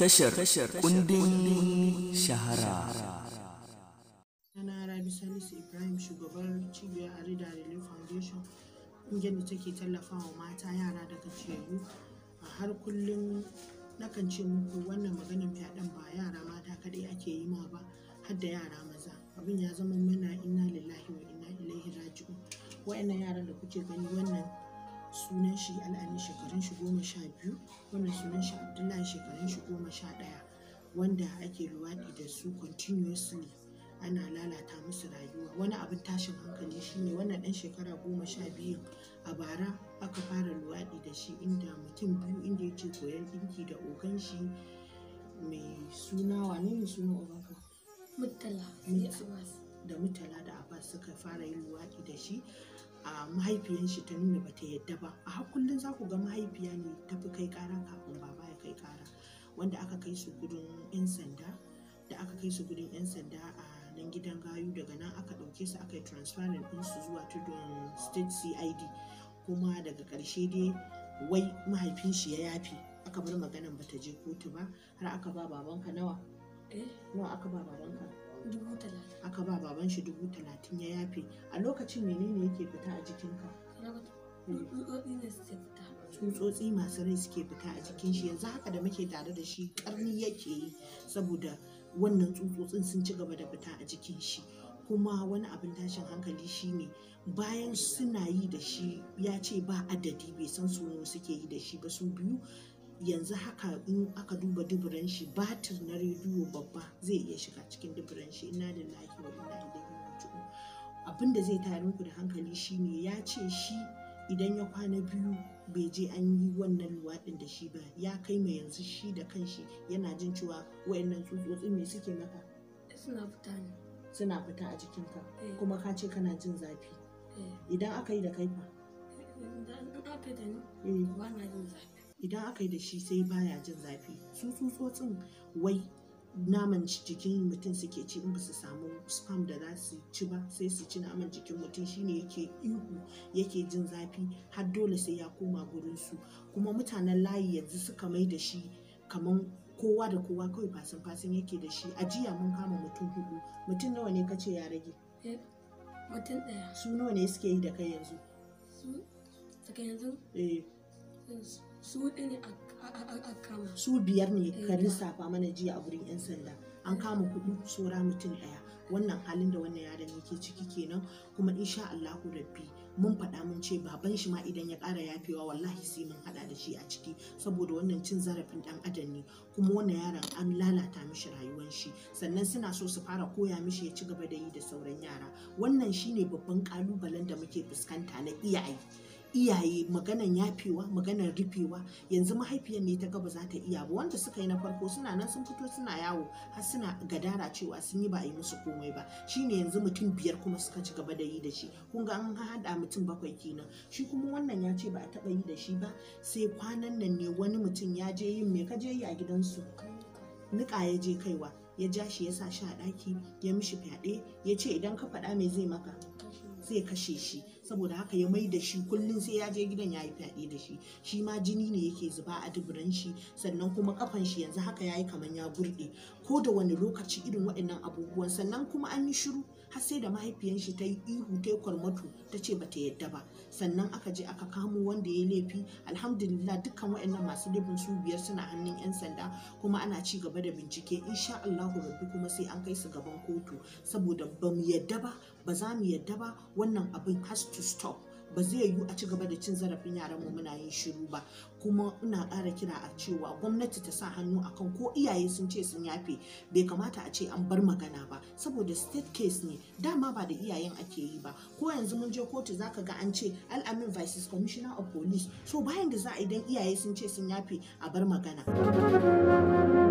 tashar kundin shahara. Sanara Rabi Salisu Ibrahim shugabar cibiyar Arida Relief Foundation ƙungiyar da take wa mata yara daga ciyayu a har kullum nakan ce muku wannan maganin fyaɗen ba yara mata kaɗai ake yi ma ba har da yara maza abin ya zama mana inna lillahi wa inna ilaihi raji'un wa'annan yaran da kuke gani wannan sunan shi al'amin shekarun shi goma sha biyu wannan sunan shi abdullahi shekarun shi goma sha ɗaya wanda ake luwaɗi da su continuously ana lalata musu rayuwa wani abin tashin hankali shine wannan ɗan shekara goma sha biyu a bara aka fara luwaɗi da shi inda mutum biyu inda yace koyan ɗinki da ogan shi mai suna wane ne suna ogan mutala da mutala da abbas suka fara yin luwaɗi da shi a mahaifiyan shi ta nuna bata yadda ba a har za ku ga mahaifiya ne ta fi kai kara kafin baba ya kai kara wanda aka kai su gudun yan sanda da aka kai su gudun yan sanda a nan gidan gayu daga nan aka ɗauke su aka yi din ɗinsu zuwa tudun state cid kuma daga karshe dai wai mahaifin shi ya yafi aka bar maganan bata je kotu ba har aka ba babanka nawa eh nawa aka ba babanka aka ba baban shi dubu talatin ya yafe a lokacin menene yake fita a jikinka tsutsotsi masu rai suke fita a jikin shi yanzu haka da muke tare da shi karni yake yi saboda wannan tsutsotsin sun ci gaba da fita a jikin shi kuma wani abin tashin hankali shi ne bayan suna yi da shi ya ce ba adadi bai san su suke yi da shi ba su biyu yanzu haka in aka duba duburan shi batir na rediyo babba zai iya shiga cikin duburan shi ina da lahi wa ina ilaihi abin da zai tare muku da hankali shine ya ce shi idan ya kwana biyu bai je an yi wannan luwaɗin da shi ba ya kai mai yanzu shi da kanshi yana jin cewa wayannan tsutsotsi me suke maka suna fita ne suna fita a jikinka eh. kuma ka ce kana jin zafi eh. idan aka yi da kai fa eh, idan aka yi ni ba na jin zafi idan aka yi da shi sai baya jin zafi su tsutsotsin wai naman jikin mutum suke ci in ba su samu spam da za su ci ba sai su ci naman jikin mutum shine yake ihu yake jin zafi har dole sai ya koma gurin su kuma mutanen layi yanzu suka mai da shi kaman kowa da kowa kawai fasin fasin yake da shi a jiya mun kama mutum hudu mutum nawa ne kace ya rage eh, mutum ɗaya su nawa ne suke yi da kai yanzu su daga yanzu eh su biyar ne eh, ka lissafa mana jiya a gurin yan sanda an kama kudu tsora mutum daya wannan halin da wannan yaron ke ciki kenan kuma in sha Allahu rabbi mun faɗa mun ce baban shi ma idan ya ƙara yafewa wallahi sai mun haɗa da shi a ciki saboda wannan cin zarafin ɗan adam ne kuma wannan yaron an lalata mishi rayuwar shi sannan suna so su fara koya mishi ya ci gaba da yi da sauran yara wannan shine babban kalubalen da muke fuskanta na iyaye iyaye maganan yafewa maganan rufewa yanzu mahaifiyar ne ta gaba za ta iya ba wanda suka yi na farko suna nan sun fito suna yawo har suna gadara cewa sun yi ba a yi musu komai ba Shi ne yanzu mutum biyar kuma suka ci gaba da yi da shi kun ga an haɗa mutum bakwai kenan shi kuma wannan ya ce ba a taɓa yi da shi ba sai kwanan nan ne wani mutum ya je yin mai ka je yi a gidansu niƙa ya je kaiwa ya ja shi ya sa shi a ɗaki ya mishi fyaɗe ya ce idan ka faɗa me zai maka zai kashe shi saboda haka ya mai da shi kullum sai ya je gidan ya yi fyaɗe da shi shi ma jini ne yake zuba a duburan shi sannan kuma kafan shi yanzu haka ya yi kamar ya gurɗe ko da wani lokaci irin waɗannan abubuwan sannan kuma an yi shiru har sai da mahaifiyan shi ta yi ihu ta yi kwarmatu ta ce ba ta yadda ba sannan aka je aka kamo wanda ya yi laifi alhamdulillah dukkan waɗannan masu laifin su biyar suna hannun 'yan sanda kuma ana ci gaba da bincike insha Allahu rabbi kuma sai an kai su gaban kotu saboda ba mu yadda ba ba za mu yadda ba wannan abin has to stop ba zai yiwu a ci gaba da cin zarafin yaran mu muna yin shiru ba kuma ina ƙara kira a cewa gwamnati ta sa hannu akan ko iyaye sun ce sun yafe bai kamata a ce an bar magana ba saboda state case ne dama ba da iyayen ake yi ba ko yanzu mun je kotu zaka ga an ce al'amin vices commissioner of police so bayan da za a idan iyaye sun ce sun yafe a bar magana